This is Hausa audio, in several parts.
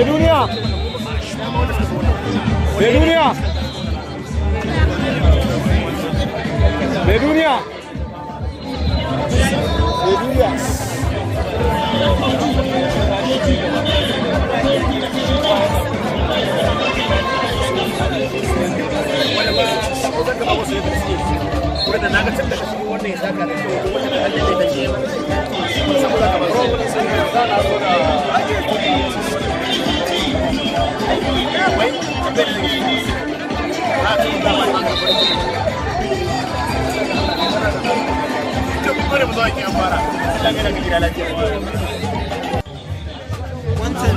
Ve duniya. Ve duniya. da Wancan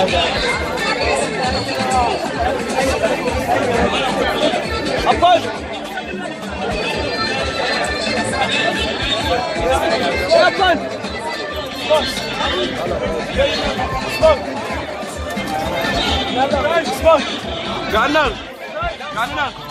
Abfall! Abfall! Stopp! Stopp! Stopp! Stopp! Stopp!